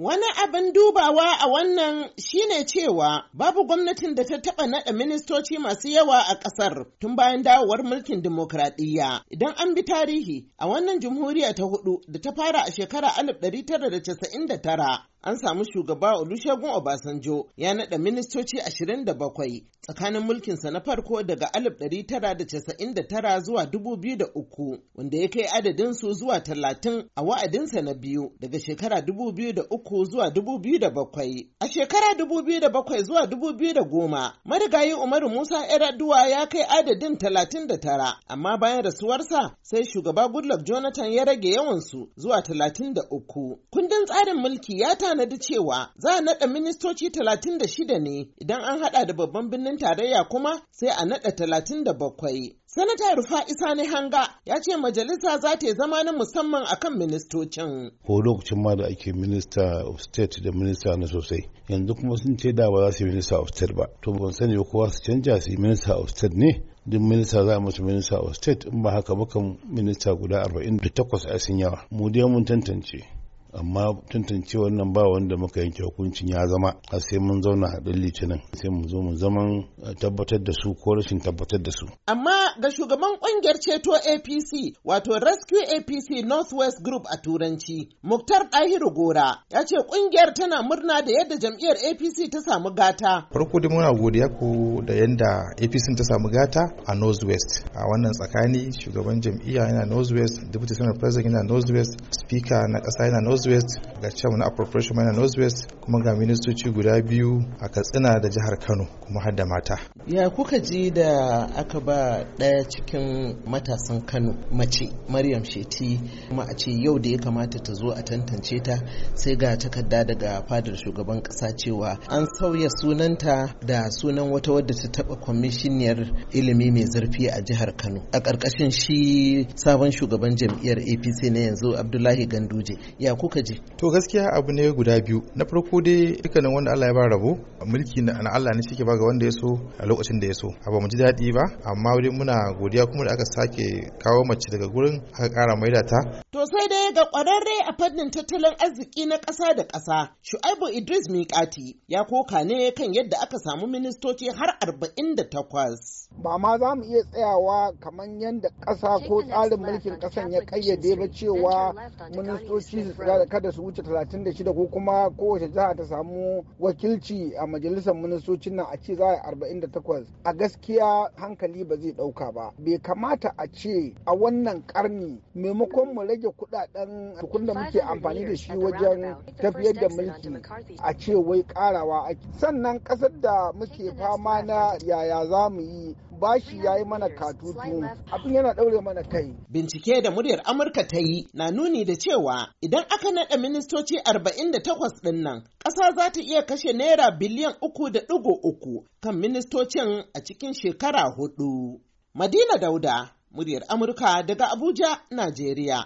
Wani abin dubawa a wannan shine cewa babu gwamnatin da ta taɓa naɗa ministoci masu yawa a ƙasar tun bayan dawowar mulkin dimokuraɗiyya. Idan an bi tarihi a wannan jamhuriya ta hudu da ta fara a shekara 1999 an samu shugaba Olusegun Obasanjo ya naɗa ministoci 27 tsakanin mulkinsa na farko daga 1999 zuwa 2003 wanda ya kai adadinsu zuwa 30 a wa'adinsa na biyu daga shekara 2003 uku zuwa dubu biyu da bakwai. A shekara dubu biyu da bakwai zuwa dubu biyu da goma, marigayi Umaru Musa Eraduwa ya kai adadin talatin da tara, amma bayan rasuwarsa sai shugaba Goodluck Jonathan ya rage yawansu zuwa talatin da uku. Kundin tsarin mulki ya tanadi cewa za a naɗa ministoci talatin da shida ne idan an haɗa da babban birnin tarayya kuma sai a naɗa talatin da bakwai. Sanata Rufa'i Sani Hanga ya ce majalisa za ta yi zama na musamman akan ministocin. Ko lokacin ma da ake minista of state da minista na sosai. Yanzu kuma sun ce da ba za su yi minista of state ba. To ban sani ba kowa su canja su yi minista of state ne. duk minista za a musu minista of state in ba haka ba kan minista guda arba'in da 48 a sun yawa. Mu dai mun tantance. amma tantance wannan ba wanda muka yanke hukuncin ya zama a sai mun zauna a ɗan litinin sai mu zo mu zama eh, tabbatar da su ko rashin tabbatar da su. Amma ga shugaban ƙungiyar ceto APC wato Rescue APC Northwest Group a Turanci Muktar Ɗahiru Gora ya ce ƙungiyar tana murna da yadda jam'iyyar APC ta samu gata. Farko da muna godiya ku da yadda APC ta samu gata a Northwest a wannan tsakani shugaban jam'iyya yana Northwest, Deputy senator President yana Northwest, Speaker na ƙasa yana northwest ga chairman appropriation mana northwest kuma ga ministoci guda biyu a katsina da jihar kano kuma har da mata ya kuka ji da aka ba ɗaya cikin matasan kano mace maryam sheti kuma a ce yau da ya kamata ta zo a tantance ta sai ga takarda daga fadar shugaban kasa cewa an sauya sunanta da sunan wata wadda ta taɓa kwamishiniyar ilimi mai zurfi a jihar kano a ƙarƙashin shi sabon shugaban jam'iyyar apc na yanzu abdullahi ganduje ya kuka kuka ji to gaskiya abu ne guda biyu na farko dai dukkanin wanda Allah ya ba rabo mulki na Allah ne shike ba ga wanda ya so a lokacin da ya so ba mu ji daɗi ba amma dai muna godiya kuma da aka sake kawo mace daga gurin aka kara maida ta to sai dai ga kwararre a fannin tattalin arziki na kasa da kasa Shu'aibu Idris miqati ya koka ne kan yadda aka samu ministoci har 48 ba ma za mu iya tsayawa kamar yadda ƙasa ko tsarin mulkin kasan ya kayyade ba cewa ministoci su kada su wuce 36 ko kuma kowace jiha ta samu wakilci a majalisar ministocin nan a ce za a 48 a gaskiya hankali ba zai dauka ba bai kamata a ce a wannan karni maimakon mu rage kudaden tukun da muke amfani da shi wajen tafiyar da mulki a ce wai karawa ake sannan kasar da muke fama na yaya za mu yi bashi ya yi mana katutu abin yana ɗaure mana kai. Bincike da muryar Amurka ta yi na nuni da cewa idan aka naɗa ministoci arba'in 48 ɗin nan ƙasa za ta iya kashe naira biliyan uku da ɗigo uku kan ministocin a cikin shekara hudu. Madina Dauda, muryar Amurka daga Abuja, Najeriya.